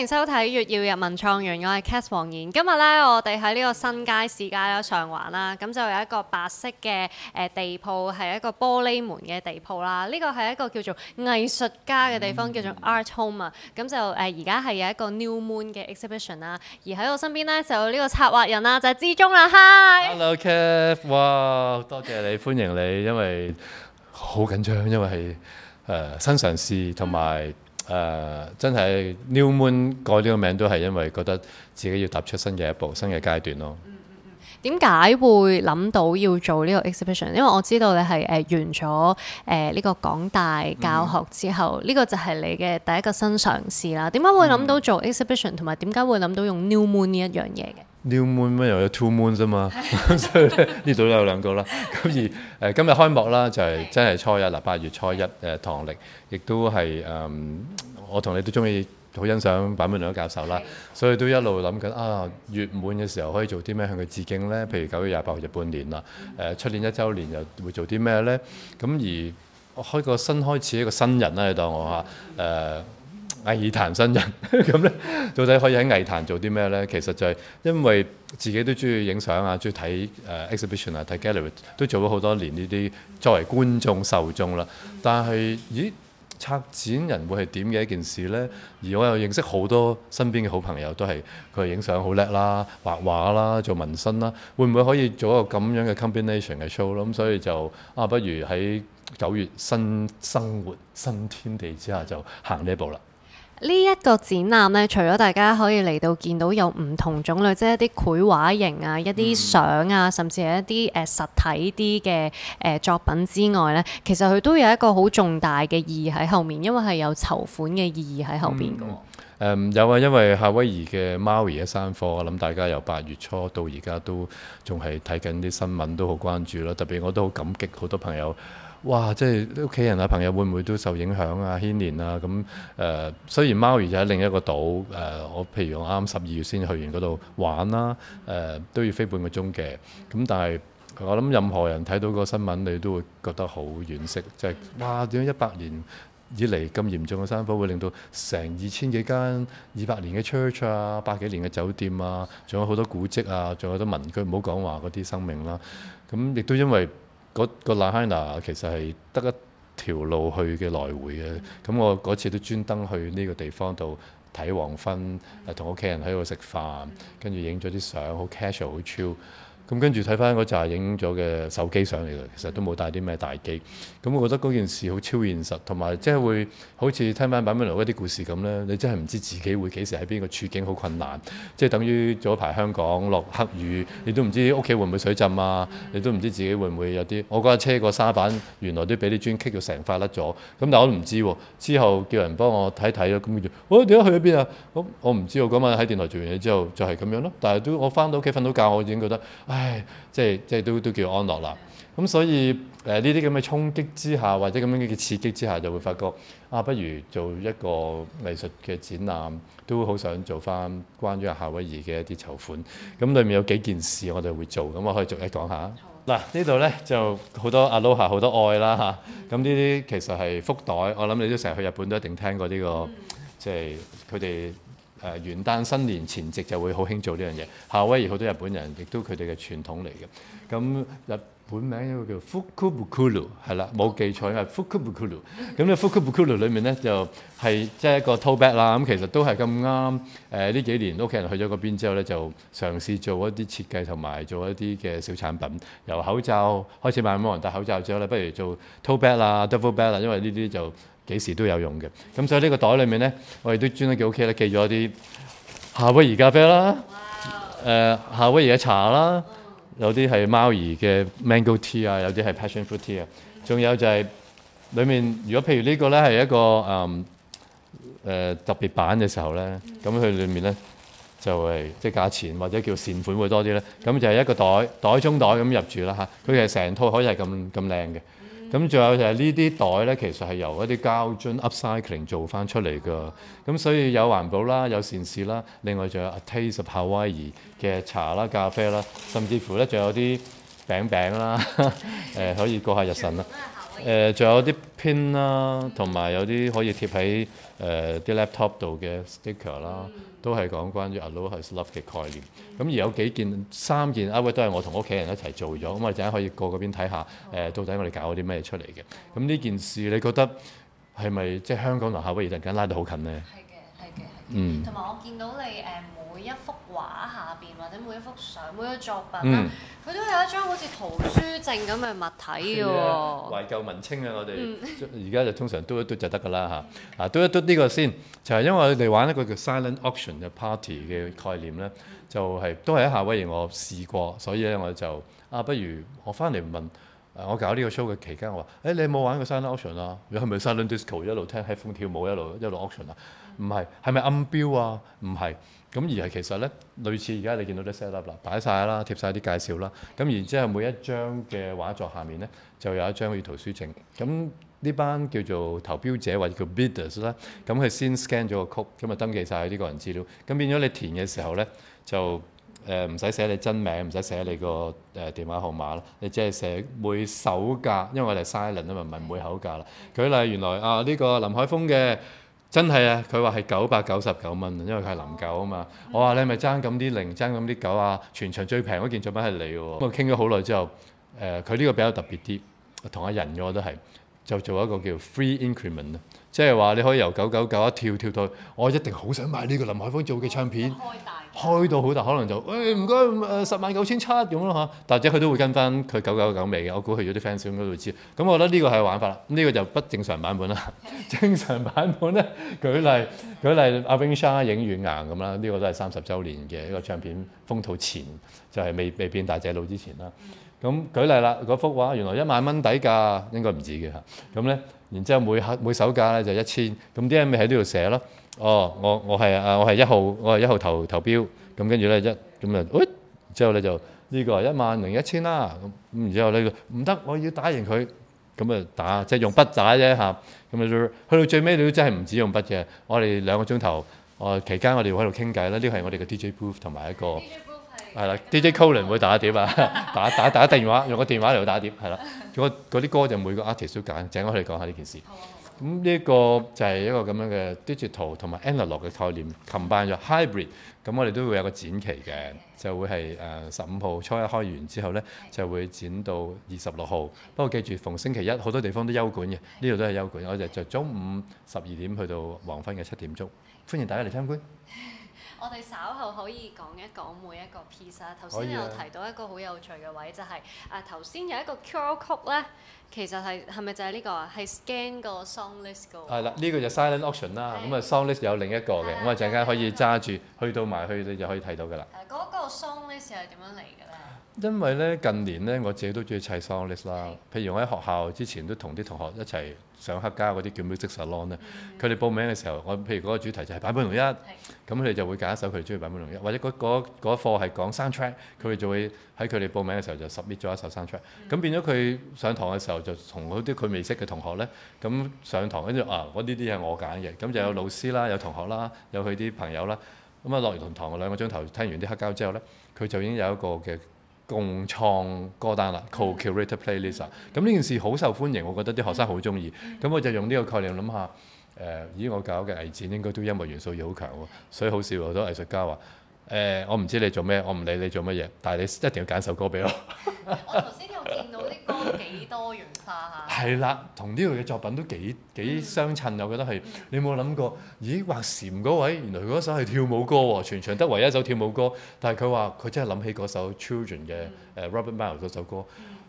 歡迎收睇粵語日文創園，我係 Cass 黃然。今日咧，我哋喺呢個新街市街咧上環啦，咁就有一個白色嘅誒地鋪，係一個玻璃門嘅地鋪啦。呢、這個係一個叫做藝術家嘅地方，嗯、叫做 Art Home 啊。咁就誒而家係有一個 New Moon 嘅 exhibition 啦。而喺我身邊咧就有呢個策劃人啦，就係、是、志淙啦。Hi！Hello，Cass，哇，多謝你，歡迎你，因為好緊張，因為係誒、呃、新嘗試同埋。誒、uh, 真係 New Moon 改呢個名都係因為覺得自己要踏出新嘅一步、新嘅階段咯。嗯，點解會諗到要做呢個 exhibition？因為我知道你係誒、呃、完咗誒呢個港大教學之後，呢、嗯、個就係你嘅第一個新嘗試啦。點解會諗到做 exhibition？同埋點解會諗到用 New Moon 呢一樣嘢嘅？New moon 乜又有 two moons 啫嘛， 所以咧，呢度都有兩個啦。咁 而誒、呃、今日開幕啦，就係、是、真係初一啦，八月初一誒、呃、唐歷，亦都係誒、呃、我同你都中意好欣賞版本兩位教授啦，的所以都一路諗緊啊月滿嘅時候可以做啲咩向佢致敬咧？譬如九月廿八號就半年啦，誒、呃、出年一週年又會做啲咩咧？咁、嗯、而我開個新開始一個新人啦，你當我嚇誒。呃藝壇新人咁咧， 到底可以喺藝壇做啲咩咧？其實就係因為自己都中意影相啊，中意睇誒 exhibition 啊，睇 gallery 都做咗好多年呢啲作為觀眾、受眾啦。但係咦，策展人會係點嘅一件事咧？而我又認識好多身邊嘅好朋友，都係佢影相好叻啦、畫畫啦、做紋身啦，會唔會可以做一個咁樣嘅 combination 嘅 show 咯，嗯？咁所以就啊，不如喺九月新生活、新天地之下就行呢一步啦。呢一個展覽呢，除咗大家可以嚟到見到有唔同種類，即係一啲繪畫型啊、一啲相啊，甚至係一啲誒實體啲嘅誒作品之外呢，其實佢都有一個好重大嘅意義喺後面，因為係有籌款嘅意義喺後面嘅。誒、嗯嗯、有啊，因為夏威夷嘅 Maui 嘅山火，我諗大家由八月初到而家都仲係睇緊啲新聞，都好關注啦。特別我都好感激好多朋友。哇！即係屋企人啊、朋友會唔會都受影響啊、牽連啊咁誒、呃？雖然茂宜就喺另一個島誒、呃，我譬如我啱十二月先去完嗰度玩啦、啊，誒、呃、都要飛半個鐘嘅。咁但係我諗任何人睇到個新聞，你都會覺得好惋惜，即、就、係、是、哇！點解一百年以嚟咁嚴重嘅山火會令到成二千幾間二百年嘅 church 啊、百幾年嘅酒店啊，仲有好多古蹟啊，仲有好多民居，唔好講話嗰啲生命啦、啊。咁亦都因為嗰個拉海娜其實係得一條路去嘅來回嘅，咁我嗰次都專登去呢個地方度睇黃昏，同屋企人喺度食飯，跟住影咗啲相，好 casual，好 chill。咁跟住睇翻嗰扎影咗嘅手機上嚟嘅，其實都冇帶啲咩大機。咁我覺得嗰件事好超現實，同埋即係會好似聽翻版本樓嗰啲故事咁咧，你真係唔知自己會幾時喺邊個處境好困難，即係等於早一排香港落黑雨，你都唔知屋企會唔會水浸啊，你都唔知自己會唔會有啲我架車個沙板原來都俾啲磚擊到成塊甩咗。咁但係我都唔知喎。之後叫人幫我睇睇咯。咁佢就：哦「喂，點解去咗邊啊？咁我唔知。我嗰晚喺電台做完嘢之後就係咁樣咯。但係都我翻到屋企瞓到覺，我已經覺得唉，即係即係都都叫安樂啦。咁所以誒呢啲咁嘅衝擊之下，或者咁樣嘅刺激之下，就會發覺啊，不如做一個藝術嘅展覽，都好想做翻關於夏威夷嘅一啲籌款。咁裏面有幾件事我哋會做，咁我可以逐一講一下。嗱好呢度咧就好多 Aloha 好多愛啦嚇。咁呢啲其實係福袋，我諗你都成日去日本都一定聽過呢個，即係佢哋。誒元旦新年前夕就會好興做呢樣嘢，夏威夷好多日本人，亦都佢哋嘅傳統嚟嘅。咁日本名一個叫福庫布庫魯係啦，冇記錯因為福庫布庫魯咁呢福庫布庫魯裡面咧就係即係一個套背啦。咁其實都係咁啱。誒、呃、呢幾年屋企人去咗嗰邊之後咧，就嘗試做一啲設計同埋做一啲嘅小產品，由口罩開始慢慢冇人戴口罩之後咧，不如做套背啦、double back 啦，因為呢啲就幾時都有用嘅，咁所以呢個袋裏面咧，我哋都專得寄 O.K. 咧，寄咗啲夏威夷咖啡啦，誒 Wow.、呃、夏威夷嘅茶啦，Wow. 有啲係貓兒嘅 Mango Tea 啊，有啲係 Passion Fruit Tea 啊、mm，仲、hmm. 有就係、是、裡面，如果譬如個呢個咧係一個誒誒、嗯呃、特別版嘅時候咧，咁佢裏面咧就係即係價錢或者叫善款會多啲咧，咁就係一個袋袋中袋咁入住啦嚇，佢其實成套可以係咁咁靚嘅。咁仲有就係呢啲袋呢，其實係由一啲膠樽 upcycling 做翻出嚟噶，咁所以有環保啦，有善事啦。另外仲有阿 Taste of Hawaii 嘅茶啦、咖啡啦，甚至乎呢，仲有啲餅餅啦， 呃、可以過下日辰啦。仲、呃、有啲 pin 啦，同埋有啲可以貼喺啲、呃、laptop 度嘅 sticker 啦。都係講關於 Aloha's love 嘅概念，咁、嗯、而有幾件三件 u p 都係我同屋企人一齊做咗，咁我哋陣間可以過嗰邊睇下誒，嗯、到底我哋搞咗啲咩出嚟嘅。咁呢、嗯、件事你覺得係咪即係香港同夏威夷陣間拉得好近咧？係嘅，係嘅，嗯。同埋我見到你誒。嗯每一幅畫下邊或者每一幅相、每一個作品佢、嗯、都有一張好似圖書證咁嘅物體嘅喎。懷舊文青啊，我哋而家就通常嘟一嘟就得㗎啦嚇。啊，嘟一嘟呢個先，就係、是、因為我哋玩一個叫 Silent Auction 嘅 party 嘅概念咧，嗯、就係、是、都係喺夏威夷我試過，所以咧我就啊，不如我翻嚟問我搞呢個 show 嘅期間，我話：誒、欸，你有冇玩過 Silent Auction 啊？你係咪 Silent Disco 一路聽 headphone 跳舞一路一路 auction、嗯、是是啊？唔係，係咪暗標啊？唔係。咁而係其實咧，類似而家你見到啲 set up 啦，擺晒啦，貼晒啲介紹啦。咁然之後，每一張嘅畫作下面咧，就有一張好似圖書證。咁呢班叫做投標者或者叫 bidders 啦。咁佢先 scan 咗個曲，咁啊登記晒啲個人資料。咁變咗你填嘅時候咧，就誒唔使寫你真名，唔使寫你個誒電話號碼啦。你只係寫每手價，因為我哋 silent 啊嘛，唔係每口價啦。舉例原來啊，呢個林海峰嘅。真係啊，佢話係九百九十九蚊，因為佢係零九啊嘛。嗯、我話你咪爭咁啲零，爭咁啲九啊。全場最平嗰件作品係你喎。咁啊、嗯，傾咗好耐之後，佢、呃、呢個比較特別啲，同阿仁我都係，就做一個叫 free increment 即係話你可以由九九九一跳跳到，我一定好想買呢個林海峰做嘅唱片，開大 開到好大，可能就誒唔該誒十萬九千七咁咯吓，大、哎、姐，佢、呃、都會跟翻佢九九九尾嘅，我估佢有啲 fans 應該都會知。咁、嗯、我覺得呢個係玩法啦。呢、嗯呢個就不正常版本啦。正常版本咧，舉例舉例，舉例阿 Wingsha 影軟硬咁啦，呢、這個都係三十週年嘅一、呢個唱片封套前，就係、是、未未變大隻佬之前啦。咁、嗯嗯嗯、舉例啦，嗰幅畫原來一萬蚊底價，應該唔止嘅嚇。咁、嗯、咧。嗯嗯然之後每下每手價咧就一千，咁啲人咪喺呢度寫咯。哦，我我係啊，我係一號，我係一號投投標。咁跟住咧一咁啊，誒，之後咧就呢個一萬零一千啦、啊。咁咁然之後咧唔得，我要打贏佢。咁啊打，即係用筆仔啫嚇。咁啊去到最尾，你都真係唔止用筆嘅。我哋兩個鐘頭，呃、期間我期間、這個、我哋會喺度傾偈啦。呢個係我哋嘅 DJ booth 同埋一個。係啦，DJ Colin 會打碟啊， 打打打電話 用個電話嚟打碟，係啦。嗰啲歌就每個 artist 都揀。請我哋講下呢件事。咁呢 個就係一個咁樣嘅 digital 同埋 analogue 嘅概念 combine 咗 hybrid。咁我哋都會有個展期嘅，就會係誒十五號初一開完之後咧，就會展到二十六號。 不過記住，逢星期一好多地方都休館嘅，呢度 都係休館。我哋就中午十二點去到黃昏嘅七點鐘，歡迎大家嚟參觀。我哋稍後可以講一講每一個 piece 啦、啊。頭先有提到一個好有趣嘅位，啊、就係、是、啊頭先有一個 QR code 咧，其實係係咪就係呢個啊？係 scan 個 song list 嘅喎、啊。係、這個、啦，呢個就 silent auction 啦。咁啊，song list 有另一個嘅，咁啊陣間可以揸住、嗯、去到埋去，你就可以睇到嘅啦。啊那個 song list 係點樣嚟嘅。因為咧近年咧，我自己都中意砌 song list 啦。譬如我喺學校之前都同啲同學一齊上黑膠嗰啲叫 music salon 咧、mm。佢、hmm。哋報名嘅時候，我譬如嗰個主題就係版本容一，咁佢哋就會揀一首佢中意版本容一。或者嗰嗰嗰課係講 soundtrack，佢哋就會喺佢哋報名嘅時候就 submit 咗一首 soundtrack，咁變咗佢上堂嘅時候就同嗰啲佢未識嘅同學咧，咁上堂跟住啊，我呢啲係我揀嘅。咁就有老師啦，有同學啦，有佢啲朋友啦。咁啊落完堂兩個鐘頭聽完啲黑膠之後咧，佢就已經有一個嘅。共創歌單啦 ，co-curated playlist 啊，咁 呢樂件事好受歡迎，我覺得啲學生好中意。咁 我就用呢個概念諗下，誒、呃，我搞嘅藝展應該都音樂元素要好強喎，所以好少好多藝術家話，誒、呃，我唔知你做咩，我唔理你做乜嘢，但係你一定要揀首歌俾我。見到啲歌幾多元化嚇，係啦，同呢度嘅作品都幾幾相襯，我覺得係。你有冇諗過？咦，畫蟬嗰位，原來佢嗰首係跳舞歌喎，全場得唯一一首跳舞歌。但係佢話佢真係諗起嗰首 Children 嘅誒 Robert Miles 嗰首歌，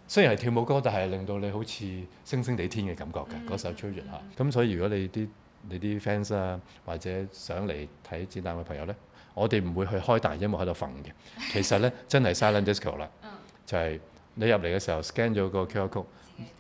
雖然係跳舞歌，但係令到你好似星星地天嘅感覺嘅嗰首 Children 吓，咁所以如果你啲你啲 fans 啊或者想嚟睇節目嘅朋友咧，我哋唔會去開大音樂喺度瞓嘅。其實咧真係 Silent Disco 啦，就係。你入嚟嘅時候 scan 咗個 QR Code，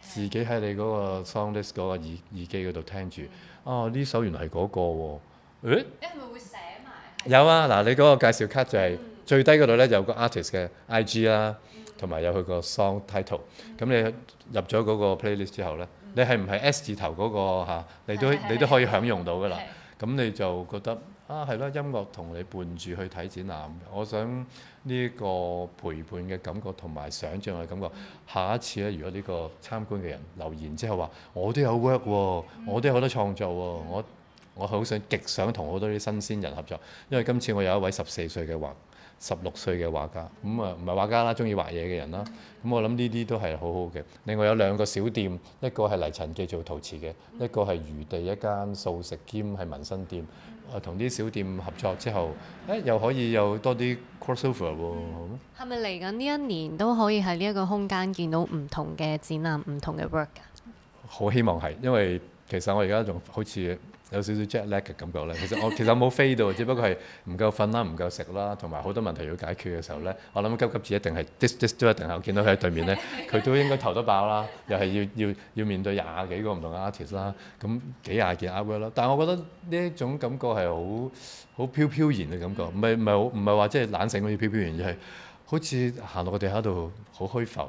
自己喺你嗰個 song list 嗰個耳耳機嗰度聽住。哦、嗯，呢、啊、首原來係嗰個喎、啊。誒、欸？你係咪會寫埋？有啊，嗱，你嗰個介紹卡就係最低嗰度咧，嗯、有個 artist 嘅 I G 啦，同埋有佢個 song title、嗯。咁你入咗嗰個 playlist 之後咧，你係唔係 S 字頭嗰、那個、啊、你都你都可以享用到㗎啦。咁你就覺得。啊，係咯！音樂同你伴住去睇展覽。我想呢個陪伴嘅感覺同埋想像嘅感覺。下一次咧，如果呢個參觀嘅人留言之後話，我都有 work 喎、哦，我都有好多創作喎、哦，我我好想極想同好多啲新鮮人合作，因為今次我有一位十四歲嘅畫、十六歲嘅畫家，咁啊唔係畫家啦，中意畫嘢嘅人啦。咁、嗯嗯、我諗呢啲都係好好嘅。另外有兩個小店，一個係泥塵記做陶瓷嘅，一個係餘地一間素食兼係紋身店。同啲小店合作之後，誒、哎、又可以有多啲 cross over 喎。係咪嚟緊呢一年都可以喺呢一個空間見到唔同嘅展覽、唔同嘅 work 㗎？好希望係，因為其實我而家仲好似。有少少 jet lag 嘅感覺咧，其實我其實冇飛到，只不過係唔夠瞓啦、唔夠食啦，同埋好多問題要解決嘅時候咧，我諗急急節一定係 dis 都一定係，我見到佢喺對面咧，佢 都應該頭都爆啦，又係要要要面對廿幾個唔同嘅 artist 啦，咁幾廿件 upgrade 啦。但係我覺得呢種感覺係好好飄飄然嘅感覺，唔係唔係唔係話即係懶醒嗰啲飄飄然，而係好似行落個地下度好虛浮。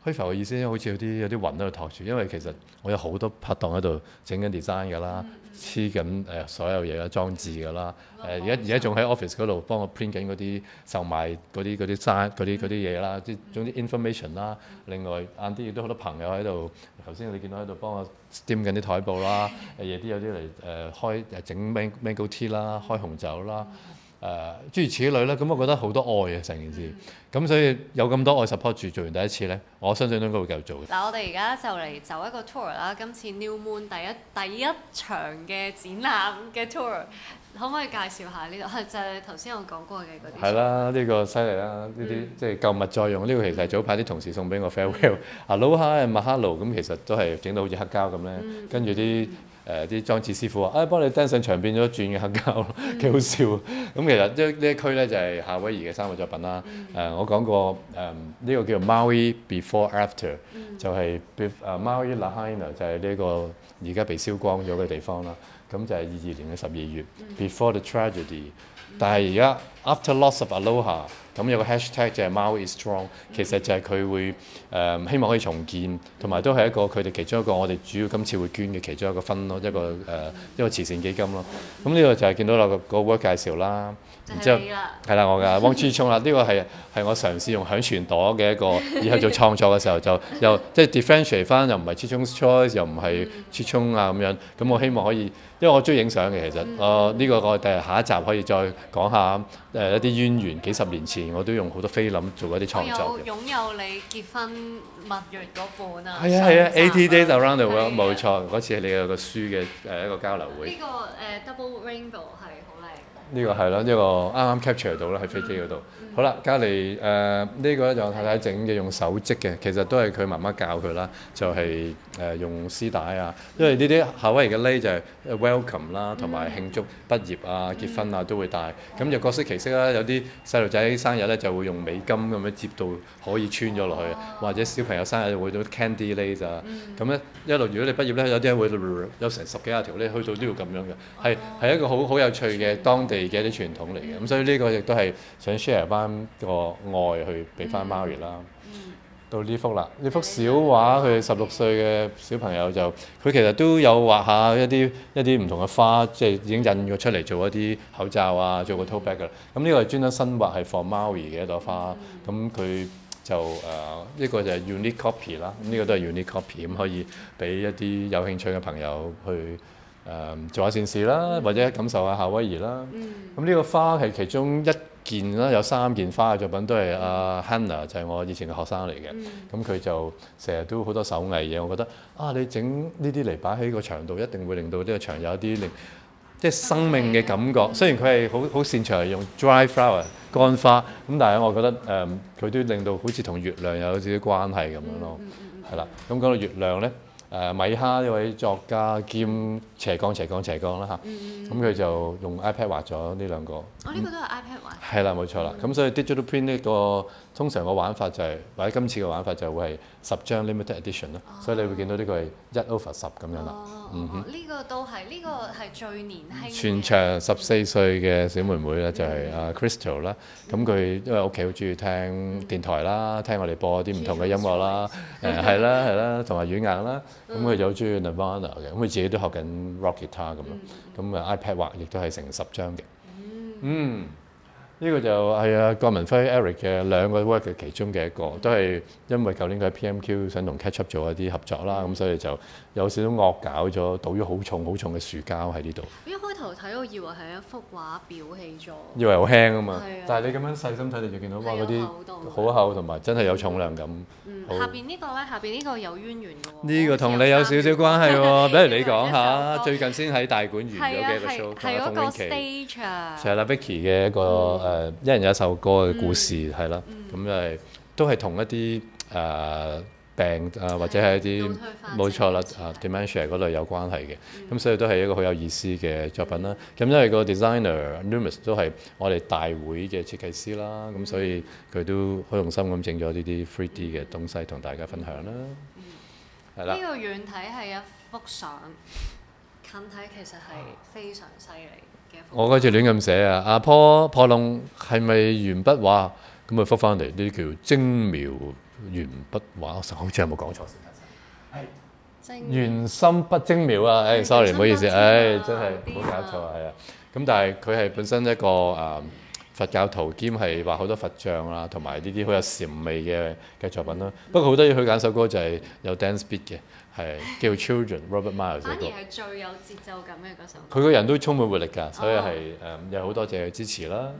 開浮嘅意思好似有啲有啲雲喺度托住，因為其實我有好多拍檔喺度整緊 design 㗎啦，黐緊誒所有嘢嘅裝置㗎啦。誒而家而家仲喺 office 嗰度幫我 print 緊嗰啲售賣嗰啲啲衫啲啲嘢啦，即總之 information 啦。另外晏啲亦都好多朋友喺度，頭先你見到喺度幫我 steam 緊啲台布啦。夜啲有啲嚟誒開誒整 mango tea 啦，開紅酒啦。嗯誒、uh, 諸如此類啦，咁我覺得好多愛嘅、啊、成件事，咁、嗯、所以有咁多愛 support 住，做完第一次咧，我相信都應該會繼續做嘅。嗱、嗯，我哋而家就嚟走一個 tour 啦，今次 New Moon 第一第一場嘅展覽嘅 tour，可唔可以介紹下呢、這個？嗯、 就係頭先我講過嘅。啲。係啦、啊，呢、這個犀利啦，呢啲即係舊物再用。呢個其實係早排啲同事送俾我、嗯、farewell 啊，Aloha 嘅 Mahalo，咁其實都係整到好似黑膠咁咧，跟住啲。嗯嗯誒啲裝置師傅話，啊、哎，幫你登上牆變咗轉嘅黑膠，幾好笑。咁、嗯嗯嗯、其實呢一區咧就係、是、夏威夷嘅三個作品啦。誒、呃，我講過，誒、呃、呢、這個叫做 Maui Before After，就係誒、uh, Maui Lahaina，就係呢個而家被燒光咗嘅地方啦。咁就係二二年嘅十二月，Before the Tragedy。但係而家 after loss of aloha，咁有個 hashtag 就係 Maui is strong，其實就係佢會誒、呃、希望可以重建，同埋都係一個佢哋其中一個我哋主要今次會捐嘅其中一個分咯，一個誒、呃、一個慈善基金咯。咁呢個就係見到啦，個個 work 介紹啦。然之後係啦，我噶黃志淙啦，呢個係係我嘗試用響全朵嘅一個，以後做創作嘅時候就又即係 differentiate 翻，又唔係志淙 choice，又唔係志淙啊咁樣。咁我希望可以，因為我中意影相嘅其實，啊呢個我誒下一集可以再講下誒一啲淵源。幾十年前我都用好多菲林做一啲創作嘅。擁有你結婚蜜月嗰本啊！係啊係啊，eighty days around the world 冇錯，嗰次係你有個書嘅誒一個交流會。呢個誒 double rainbow 係。呢、這個係啦，呢、這個啱啱 capture 到啦，喺飛機度。好啦，隔籬誒呢個咧就太太整嘅，用手織嘅，其實都係佢媽媽教佢啦，就係、是、誒、呃、用絲帶啊。因為呢啲夏威夷嘅 lei 就係 welcome 啦，同埋慶祝畢業啊、結婚啊都會戴。咁就、嗯、各式其式啦，有啲細路仔生日咧就會用美金咁樣接到可以穿咗落去，或者小朋友生日會到 candy lei 啊。咁咧、嗯、一路如果你畢業咧，有啲人會有成十幾廿條咧，去到都要咁樣嘅。係係一個好好有趣嘅當地，自己一啲傳統嚟嘅，咁所以呢個亦都係想 share 翻個愛去俾翻 Maui 啦。到呢幅啦，呢幅小畫佢十六歲嘅小朋友就，佢其實都有畫一下一啲一啲唔同嘅花，即係已經印咗出嚟做一啲口罩啊，做、嗯嗯嗯、個 tote bag 嘅。咁呢個係專登新畫係 for Maui 嘅一朵花，咁、嗯、佢、嗯嗯嗯、就誒一、呃這個就係 unique copy 啦，咁呢個都係 unique copy，咁可以俾一啲有興趣嘅朋友去。誒做下善事啦，se, 或者感受下夏威夷啦。咁呢、嗯、個花係其中一件啦，有三件花嘅作品都係阿 Hannah，就係我以前嘅學生嚟嘅。咁佢、嗯、就成日都好多手藝嘢，我覺得啊，你整呢啲嚟擺喺個牆度，一定會令到呢個牆有一啲令即係生命嘅感覺。嗯、雖然佢係好好擅長用 dry flower 乾花，咁但係我覺得誒，佢、嗯、都令到好似同月亮有少少關係咁樣咯。係啦、嗯，咁、嗯、講到月亮呢。誒米哈呢位作家兼斜槓斜槓斜槓啦嚇，咁佢就用 iPad 畫咗呢兩個。我呢個都係 iPad 畫。係啦，冇錯啦。咁所以 digital print 呢個通常個玩法就係，或者今次嘅玩法就會係十張 limited edition 啦，所以你會見到呢個係一 over 十咁樣啦。哦，呢個都係，呢個係最年輕。全場十四歲嘅小妹妹咧就係阿 Crystal 啦，咁佢因為屋企好中意聽電台啦，聽我哋播啲唔同嘅音樂啦，誒係啦係啦，同埋軟硬啦。咁佢就好中意 Nirvana 嘅，咁佢、嗯、自己都學緊 rock guitar 咁樣，咁啊、嗯、iPad 畫亦都係成十張嘅。嗯。嗯。呢個就係啊，郭文輝 Eric 嘅兩個 work 嘅其中嘅一個，都係因為舊年佢喺 PMQ 想同 Catch Up 做一啲合作啦，咁所以就有少少惡搞咗，倒咗好重好重嘅樹膠喺呢度。一開頭睇我以為係一幅畫裱起咗，以為好輕啊嘛。係啊，但係你咁樣細心睇你就見到哇，嗰啲好厚同埋真係有重量感。嗯，下邊呢個咧，下邊呢個有淵源。呢個同你有少少關係喎，不如你講下最近先喺大館完咗嘅一個 show，阿馮允琪，成日 la Vicky 嘅一個。誒、uh, 一人有一首歌嘅故事係、嗯、啦，咁又係都係同一啲誒病啊，或者係一啲冇錯啦，dementia 嗰類有關係嘅，咁所以都係一個好有意思嘅作品啦。咁因為個 designer numerous 都係我哋大會嘅設計師啦，咁、嗯、所以佢都好用心咁整咗呢啲 3D 嘅東西同大家分享啦。係啦，呢個遠睇係一幅相，近睇其實係非常犀利。我嗰次亂咁寫啊！阿破破龍係咪鉛筆畫？咁咪復翻嚟呢啲叫精描鉛筆畫，好似有冇講錯先？係正，鉛心不精描啊！誒，sorry，唔好意思，誒、啊哎，真係唔好、啊、搞錯啊，係啊。咁但係佢係本身一個誒、呃、佛教徒，兼係畫好多佛像啊，同埋呢啲好有禪味嘅嘅作品啦。不過好得意，佢揀首歌就係有《Dance Beat》嘅。係叫 Children Robert Miles，反而係最有節奏感嘅嗰首。佢個人都充滿活力㗎，所以係誒有好多謝佢支持啦。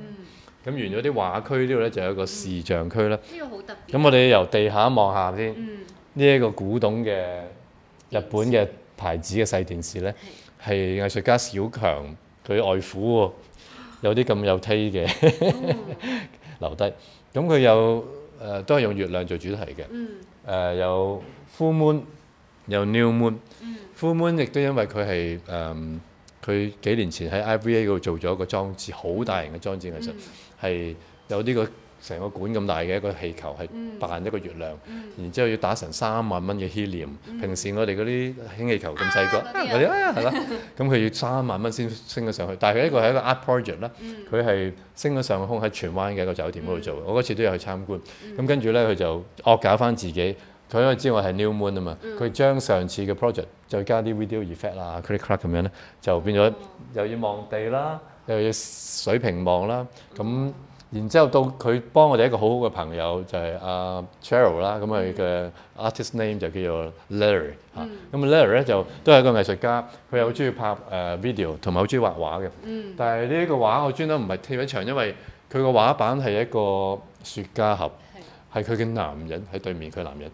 咁完咗啲畫區呢度咧，就有一個視像區啦。呢個好特別。咁我哋由地下望下先。嗯。呢一個古董嘅日本嘅牌子嘅細電視咧，係藝術家小強佢外父喎，有啲咁有 taste 嘅留低。咁佢有誒都係用月亮做主題嘅。嗯。誒有 Full Moon。有 New Moon, Full Moon 亦都因為佢係誒，佢幾年前喺 IVA 嗰度做咗一個裝置，好大型嘅裝置，其實係有呢個成個館咁大嘅一個氣球，係扮一個月亮，然之後要打成三萬蚊嘅 helium。平時我哋嗰啲氫氣球咁細個，我哋係啦，咁佢要三萬蚊先升咗上去。但係呢個係一個 art project 啦，佢係升咗上個空喺荃灣嘅一個酒店嗰度做。我嗰次都有去參觀。咁跟住咧，佢就惡搞翻自己。佢因為知我係 New Moon 啊嘛，佢將上次嘅 project 再加啲 video effect 啦 click clack 咁樣咧，就變咗、嗯、又要望地啦，又要水平望啦，咁、啊、然之後到佢幫我哋一個好好嘅朋友，就係阿 Cheryl 啦，咁佢嘅 artist name 就叫做 Larry 嚇、嗯，咁、啊、Larry 咧就都係一個藝術家，佢又好中意拍誒、呃、video，同埋好中意畫畫嘅，嗯、但係呢個畫我專登唔係貼喺牆，因為佢個畫板係一個雪茄盒。係佢嘅男人喺對面，佢男人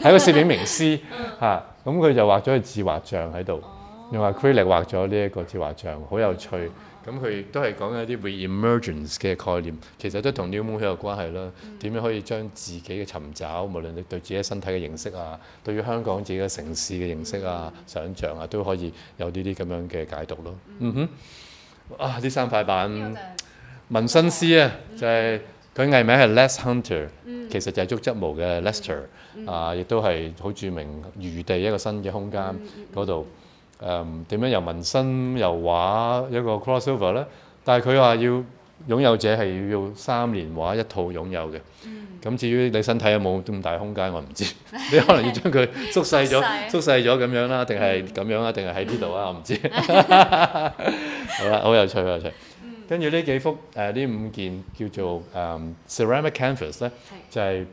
係一個攝影名師嚇，咁佢就畫咗個自畫像喺度，你話 crayon 畫咗呢一個自畫像，好有趣。咁佢亦都係講緊一啲 re-emergence 嘅概念，其實都同 New Moon 有關係啦。點樣可以將自己嘅尋找，無論你對自己身體嘅認識啊，對於香港自己嘅城市嘅認識啊、想象啊，都可以有呢啲咁樣嘅解讀咯。嗯哼，啊呢三塊板紋身師啊，就係。佢藝名係 Less Hunter，其實就係竹質毛嘅 Lester，啊，亦都係好著名。餘地一個新嘅空間嗰度，誒點樣由紋身由畫一個 crossover 咧？但係佢話要擁有者係要用三連畫一套擁有嘅。咁至於你身體有冇咁大空間，我唔知。你可能要將佢縮細咗，縮細咗咁樣啦，定係咁樣啊，定係喺呢度啊？我唔知。好啦，好有趣，好有趣。跟住呢幾幅誒，呢、呃、五件叫做誒、um, ceramic canvas 咧、啊，是就係、是。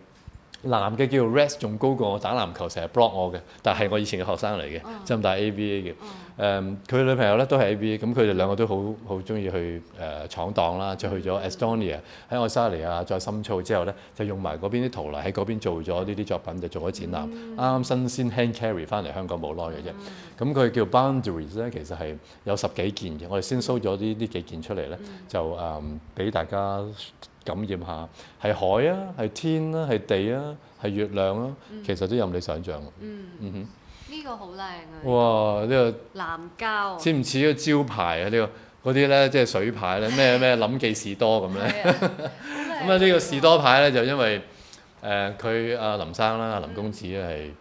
男嘅叫 Rex，仲高過我，打籃球成日 block 我嘅，但係我以前嘅學生嚟嘅，浸大 ABA 嘅。誒，佢女朋友咧都係 ABA，咁佢哋兩個都好好中意去誒、呃、闖蕩啦，就去咗 Estonia，喺、mm. 愛沙尼亞再深造之後咧，就用埋嗰邊啲圖嚟喺嗰邊做咗呢啲作品，就做咗展覽。啱啱、mm. 新鮮 hand carry 翻嚟香港冇耐嘅啫。咁佢、mm. 嗯、叫 Boundaries 咧，其實係有十幾件嘅，我哋先 show 咗呢呢幾件出嚟咧，就誒俾、嗯嗯、大家。感染下，係海啊，係天啦、啊，係地啊，係月亮啊，其實都任你想像。嗯，嗯哼，呢個好靚啊！哇！呢、這個藍膠似唔似個招牌啊？這個、呢個嗰啲咧，即係水牌咧，咩咩林記士多咁咧？咁 啊，呢、嗯、 個士多牌咧就因為誒佢阿林生啦，林公子咧係，嗯、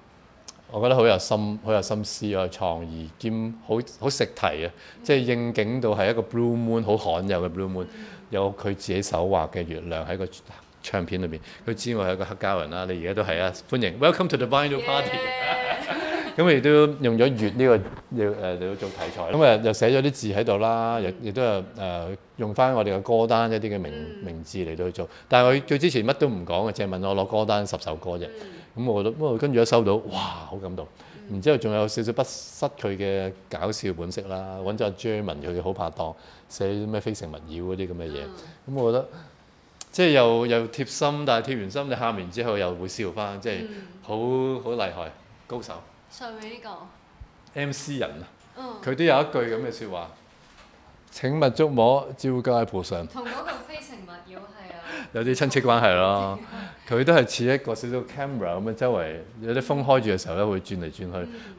我覺得好有心、好有心思啊、創意兼好好食題啊，即係應景到係一個 blue moon，好罕有嘅 blue moon。有佢自己手畫嘅月亮喺個唱片裏邊，佢之外係一個黑膠人啦，你而家都係啊，歡迎 Welcome to the Vinyl Party。咁 亦、嗯、都用咗月呢、這個要誒嚟到做題材，咁誒又寫咗啲字喺度啦，亦亦都誒用翻我哋嘅歌單一啲嘅名、嗯、名字嚟到去做，但係佢最之前乜都唔講嘅，凈係問我攞歌單十首歌啫，咁、嗯、我都咁啊跟住都收到，哇好感動。然之後仲有少少不失佢嘅搞笑本色啦，揾咗阿 Jerm 佢好拍檔，寫啲咩非誠勿擾嗰啲咁嘅嘢，咁、嗯嗯、我覺得即係又又貼心，但係貼完心你喊完之後又會笑返，即係好好厲害高手。上面呢個 MC 人啊，佢都有一句咁嘅説話。嗯嗯請勿觸摸，招架不上。同嗰個非誠勿擾係啊，有啲親戚關係咯。佢都係似一個少少 camera 咁樣，周圍有啲風開住嘅時候咧，會轉嚟轉去。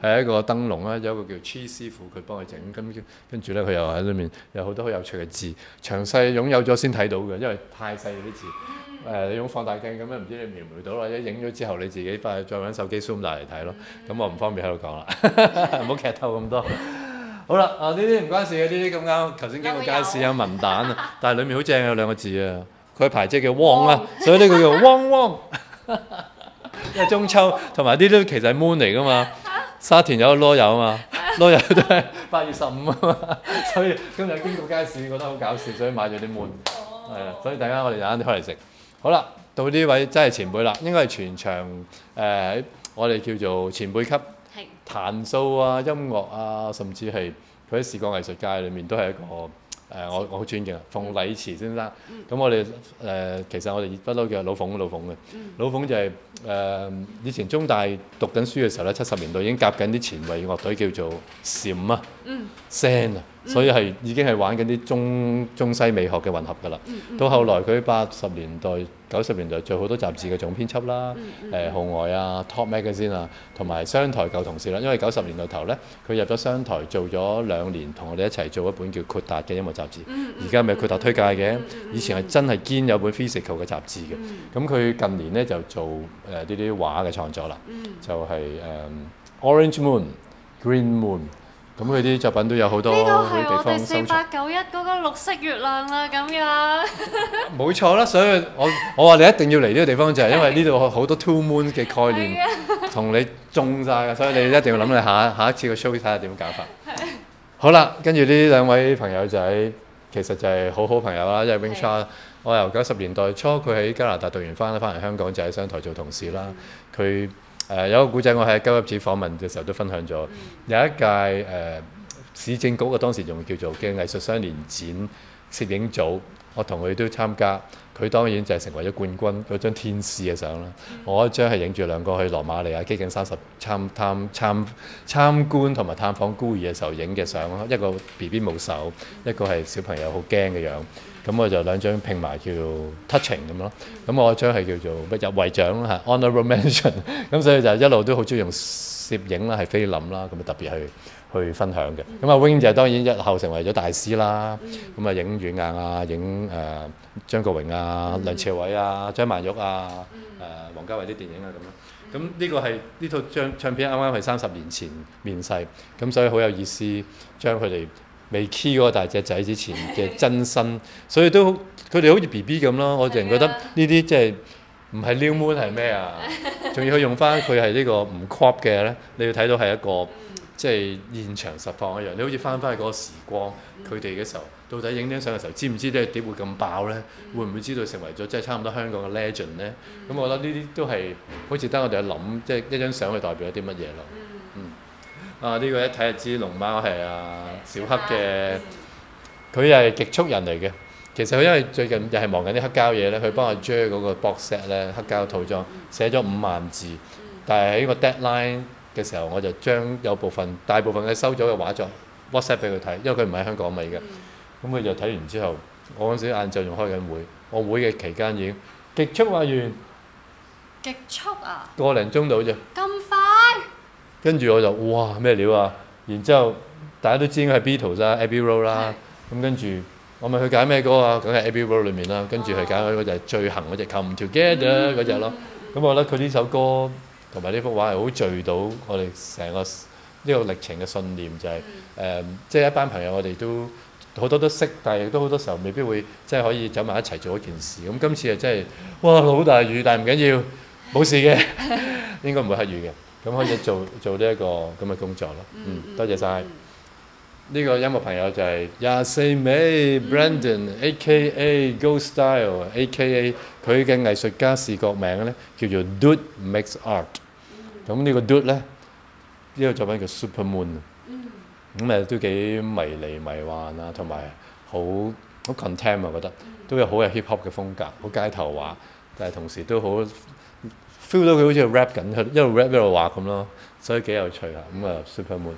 係、嗯、一個燈籠啦，有一個叫 Che 師傅，佢幫佢整。跟跟住咧，佢又喺裏面有好多好有趣嘅字，詳細擁有咗先睇到嘅，因為太細嗰啲字。你、嗯呃、用放大鏡咁樣，唔知你描唔描到，或者影咗之後你自己再再搵手機 zoom 大嚟睇咯。咁、嗯、我唔方便喺度講啦，唔 好劇透咁多。 好啦，啊呢啲唔關事嘅，呢啲咁啱頭先經過街市有文蛋啊， 但係裡面好正有兩個字啊，佢牌子叫汪啊，汪所以呢個叫汪汪， 因為中秋同埋呢啲都其實 moon 嚟㗎嘛，沙田有碌柚啊嘛，碌柚 都係八月十五啊嘛，所以今日經過街市覺得好搞笑，所以買咗啲 moon，係啊，所以大家我哋陣間開嚟食。好啦，到呢位真係前輩啦，應該係全場誒、呃，我哋叫做前輩級。彈奏啊，音樂啊，甚至係佢喺視覺藝術界裏面都係一個誒、呃，我我好尊敬啊，馮禮慈先生。咁我哋誒，嗯嗯、其實我哋不嬲叫老馮老馮嘅。老馮、嗯、就係、是、誒，呃嗯、以前中大讀緊書嘅時候咧，七十年代已經夾緊啲前衞樂隊叫做閃啊。聲啊！Zen，所以係已經係玩緊啲中中西美學嘅混合㗎啦。到後來佢八十年代、九十年代做好多雜誌嘅總編輯啦，誒、呃《號外》啊，《Top Magazine》啊，同埋商台舊同事啦。因為九十年代頭咧，佢入咗商台做咗兩年，同我哋一齊做一本叫《擴達》嘅音樂雜誌。而家咪《擴達推介》嘅，以前係真係堅有本 Physical 嘅雜誌嘅。咁佢近年咧就做誒呢啲畫嘅創作啦，就係、是、誒、呃《Orange Moon》、《Green Moon》。咁佢啲作品都有好多地方收四百九一嗰個綠色月亮啦、啊，咁樣。冇 錯啦，所以我我話你一定要嚟呢個地方就係 因為呢度好多 two moon 嘅概念同 你中晒㗎，所以你一定要諗你下 下一次個 show 睇下點搞法。 好啦，跟住呢兩位朋友仔其實就係好好朋友啦，即係 Wing Chun，我由九十年代初佢喺加拿大讀完翻啦，翻嚟香港就喺商台做同事啦，佢、嗯。誒、uh, 有個古仔，我喺《鳩凹寺》訪問嘅時候都分享咗。有一屆誒、uh, 市政局嘅當時仲叫做嘅藝術雙年展攝影組，我同佢都參加。佢當然就係成為咗冠軍嗰張天使嘅相啦。我一張係影住兩個去羅馬尼亞基近三十參參參參觀同埋探訪孤兒嘅時候影嘅相咯。一個 B B 冇手，一個係小朋友好驚嘅樣。咁我就兩張拼埋叫 touching 咁咯，咁我一張係叫做乜入圍獎嚇 honourable mention，咁所以就一路都好中意用攝影啦，係菲林啦，咁啊特別去去分享嘅。咁啊 wing 就當然日後成為咗大師啦，咁啊影軟硬啊，影誒張國榮啊、梁朝偉啊、張曼玉啊、誒、呃、王家衛啲電影啊咁咯。咁呢個係呢套張唱片啱啱係三十年前面世，咁所以好有意思，將佢哋。未 key 個大隻仔之前嘅真身，所以都佢哋好似 BB 咁咯。我淨覺得呢啲即係唔係 New Moon 係咩啊？仲要去用翻佢係呢個唔 crop 嘅咧，你要睇到係一個即係、就是、現場實況一樣。你好似翻返去嗰個時光，佢哋嘅時候到底影張相嘅時候知唔知咧，點會咁爆咧？會唔會知道成為咗即係差唔多香港嘅 legend 咧？咁我覺得呢啲都係好似得我哋諗，即、就、係、是、一張相去代表一啲乜嘢咯。啊！呢、這個一睇就知龍貓、啊，龍貓係啊小黑嘅，佢係極速人嚟嘅。其實佢因為最近又係忙緊啲黑膠嘢咧，佢幫我 share 嗰個 box set 咧，黑膠套裝，寫咗五萬字。嗯、但係喺個 deadline 嘅時候，我就將有部分、大部分嘅收咗嘅畫作 WhatsApp 俾佢睇，因為佢唔喺香港咪嘅。咁佢、嗯、就睇完之後，我嗰陣時晏晝仲開緊會，我會嘅期間已經極速畫完，極速啊，速啊個零鐘到啫。金花。跟住我就，哇咩料啊！然之後大家都知應該係 Beatles 啦、Be Abbey Road 啦的，咁跟住我咪去揀咩歌啊？梗係 Abbey Road 裏面啦，跟住去揀嗰個就係最行嗰隻《Come Together、嗯》嗰隻咯。咁我覺得佢呢首歌同埋呢幅畫係好聚到我哋成個呢、這個歷程嘅信念、就是，就係誒，即係一班朋友我哋都好多都識，但係都好多時候未必會即係可以走埋一齊做一件事。咁今次啊，真係哇好大雨，但係唔緊要，冇事嘅，應該唔會黑雨嘅。 咁可以做做呢一個咁嘅工作咯。嗯，多謝曬。呢個音樂朋友就係廿四味 Brandon，A.K.A. Ghost Style，A.K.A. 佢嘅藝術家視覺名咧叫做 Dude Makes Art。咁呢個 Dude 咧，呢個作品叫 Super Moon。嗯。咁誒都幾迷離迷幻啊，同埋好好 contemplate 我覺得都有好有 hip hop 嘅風格，好街頭話。但係同時都好 feel 到佢好似 rap 緊，佢一路 rap 一路話咁咯，所以幾有趣啊！咁啊 Super Moon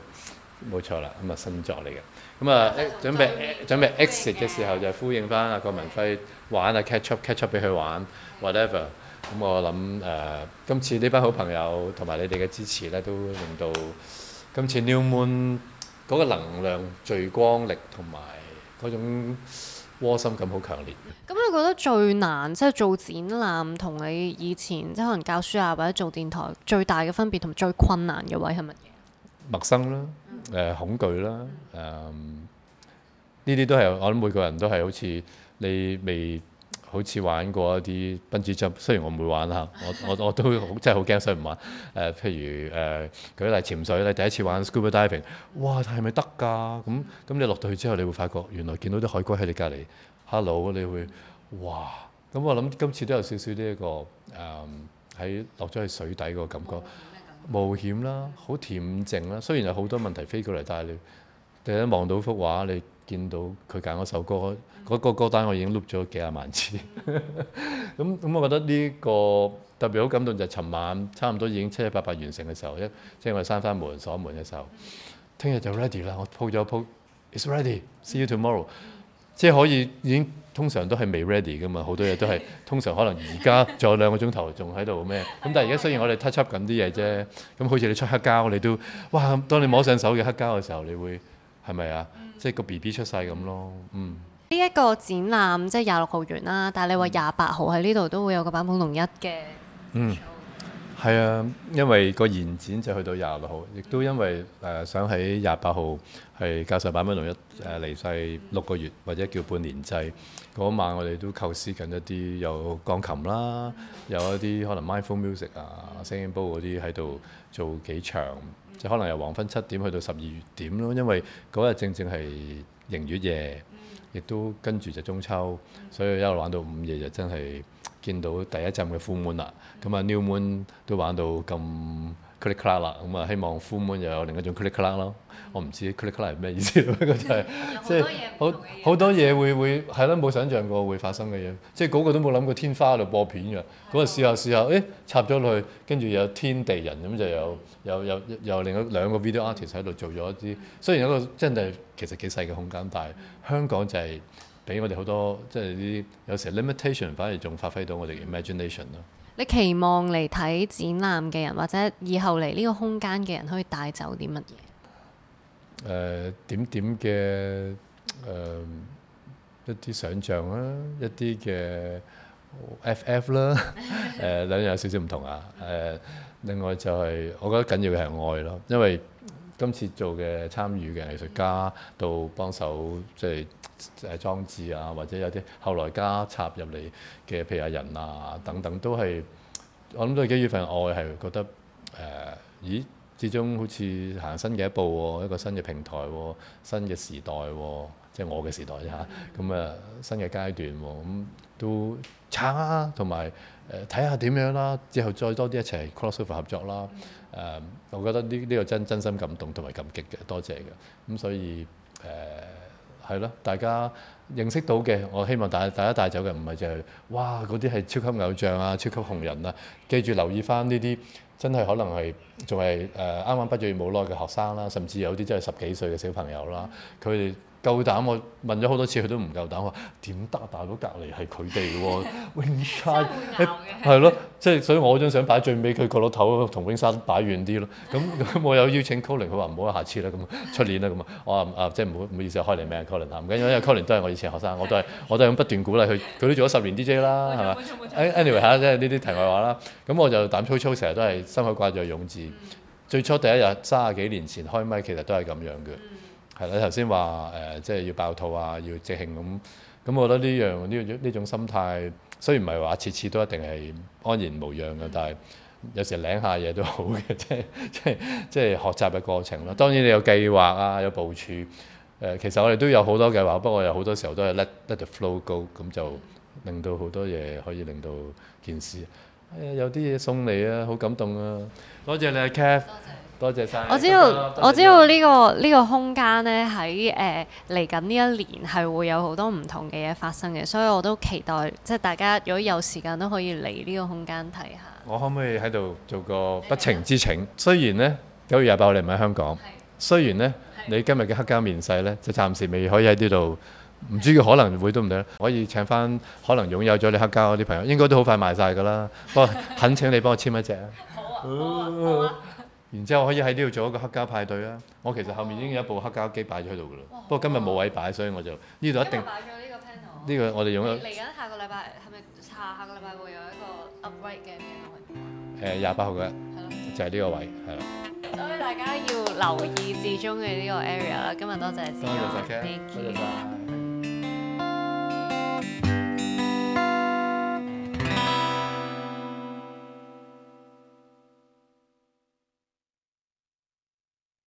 冇錯啦，咁啊新作嚟嘅。咁啊準備啊準備 exit 嘅時候就是、呼應翻阿郭文輝玩，玩啊，catch up catch up 俾佢玩 whatever。咁我諗誒，今次呢班好朋友同埋你哋嘅支持咧，都令到今次 New Moon 嗰個能量聚光力同埋嗰種。窩心感好強烈。咁你覺得最難即係、就是、做展覽同你以前即係可能教書啊或者做電台最大嘅分別同最困難嘅位係乜嘢？陌生啦，誒、嗯呃、恐懼啦，誒呢啲都係我諗每個人都係好似你未。好似玩過一啲笨豬跳，雖然我唔會玩啦，我我我都真係好驚，所以唔玩。誒、呃，譬如誒、呃，舉例潛水咧，第一次玩 scuba diving，哇，係咪得㗎？咁咁你落到去之後，你會發覺原來見到啲海龜喺你隔離，hello，你會哇！咁我諗今次都有少少呢一個誒，喺、嗯、落咗去水底個感覺，冒險啦，好恬靜啦。雖然有好多問題飛過嚟，但係你第一望到幅畫，你。見到佢揀嗰首歌，嗰、嗯、個歌單我已經 loop 咗幾廿萬次。咁 咁，我覺得呢個特別好感動就係、是、尋晚差唔多已經七七八,八八完成嘅時候，即係、就是、我閂翻門鎖門嘅時候。聽日就 ready 啦，我鋪咗鋪，it's ready，see you tomorrow。嗯、即係可以已經通常都係未 ready 㗎嘛，好多嘢都係 通常可能而家仲有兩個鐘頭仲喺度咩？咁 但係而家雖然我哋 touch up 緊啲嘢啫，咁好似你出黑膠，你都哇，當你摸上手嘅黑膠嘅時候，你會。係咪啊？是是嗯、即係個 B B 出世咁咯。嗯，呢一個展覽即係廿六號完啦。但係你話廿八號喺呢度都會有個版本同一嘅。嗯。係啊，因為個延展就去到廿六號，亦都因為誒、呃、想喺廿八號係教授坂本龍一誒、呃、離世六個月或者叫半年制嗰、那個、晚，我哋都構思緊一啲有鋼琴啦，有一啲可能 mindful music 啊、聲音缽嗰啲喺度做幾場，即係可能由黃昏七點去到十二點咯。因為嗰日正正係營月夜，亦都跟住就中秋，所以一路玩到午夜就真係。見到第一陣嘅 Full Moon 啦，咁啊 New Moon 都玩到咁 click click 啦，咁啊希望 Full Moon 又有另一種 click click 咯，我唔知 click click 係咩意思，不過就係即係好好多嘢是會會係咯，冇想像過會發生嘅嘢，即係嗰個都冇諗過天花度播片嘅，嗰陣試下試下，誒插咗落去，跟住有天地人咁就有有有有另一兩個 video artist 喺度做咗一啲，雖然有個真係其實幾細嘅空間，但係香港就係、是。俾我哋好多即係啲，有時候 limitation 反而仲發揮到我哋 imagination 咯。你期望嚟睇展覽嘅人，或者以後嚟呢個空間嘅人，可以帶走啲乜嘢？誒、呃，點點嘅誒、呃、一啲想像啦，一啲嘅 FF 啦，誒 兩樣有少少唔同啊。誒、呃，另外就係、是、我覺得緊要嘅係愛咯，因為。今次做嘅參與嘅藝術家到幫手，即係誒裝置啊，或者有啲後來加插入嚟嘅，譬如人啊等等，都係我諗，都係基於一份愛，係覺得誒、呃，咦，始終好似行新嘅一步喎、啊，一個新嘅平台喎、啊，新嘅時代喎、啊。即係我嘅時代啫，咁啊，新嘅階段咁、啊、都撐啊，同埋誒睇下點樣啦，之後再多啲一齊 cross over 合作啦，誒、啊，我覺得呢呢、呢個真真心感動同埋感激嘅，多謝嘅，咁、啊、所以誒係咯，大家認識到嘅，我希望大家大家帶走嘅唔係就係、係、哇嗰啲係超級偶像啊、超級紅人啊，記住留意翻呢啲真係可能係仲係誒啱啱畢咗業冇耐嘅學生啦，甚至有啲真係十幾歲嘅小朋友啦，佢哋。夠膽？我問咗好多次，佢都唔夠膽話點得？大佬隔離係佢哋喎，泳衫係咯，即係、就是、所以，我張相擺最尾，佢個老頭同泳衫擺遠啲咯。咁、嗯嗯嗯、我有邀請 Colin 佢話唔好下次啦，咁、嗯、出年啦，咁啊，我啊啊，即係唔好唔好意思，開你名 Colin 啊，唔緊要，因為 Colin 都係我以前學生，我都係我都係咁不斷鼓勵佢，佢都做咗十年 DJ 啦，係嘛錯吧？Anyway 嚇， 即係呢啲題外話啦。咁我就膽粗粗，成日都係心口掛住勇字。最初第一日三十幾年前開麥，其實都係咁樣嘅。 係啦，頭先話誒，即係要爆肚啊，要即興咁。咁我覺得呢樣呢呢種心態，雖然唔係話次次都一定係安然無恙嘅，嗯、但係有時領下嘢都好嘅，即係即係即係學習嘅過程啦，當然你有計劃啊，有部署。誒、呃，其實我哋都有好多計劃，不過有好多時候都係 let let the flow go，咁就令到好多嘢可以令到件事。誒、哎，有啲嘢送你啊，好感動啊！多謝你啊，多謝多謝曬。我知道，我知道呢、呢個呢、呢個空間呢，喺誒嚟緊呢一年係會有好多唔同嘅嘢發生嘅，所以我都期待即係大家如果有時間都可以嚟呢個空間睇下。我可唔可以喺度做個不情之請？的雖然呢，九月廿八我哋唔喺香港，的雖然呢，的你今日嘅黑膠面世呢，就暫時未可以喺呢度，唔知佢可能會都唔得，可以請翻可能擁有咗你黑膠嗰啲朋友， 應該都好快賣晒㗎啦。不過，懇請你幫我簽一隻 啊！好啊。然之後可以喺呢度做一個黑膠派對啦。我其實後面已經有一部黑膠機擺咗喺度嘅啦。哇不過今日冇位擺，所以我就呢度一定，擺咗呢個 panel。呢個我哋用咗。嚟緊下個禮拜係咪下下個禮拜會有一個 upright 嘅 panel？誒、呃，廿八號嘅。係咯、嗯。就係呢個位，係啦。所以大家要留意至中嘅呢個 area 啦。今日多謝。多謝志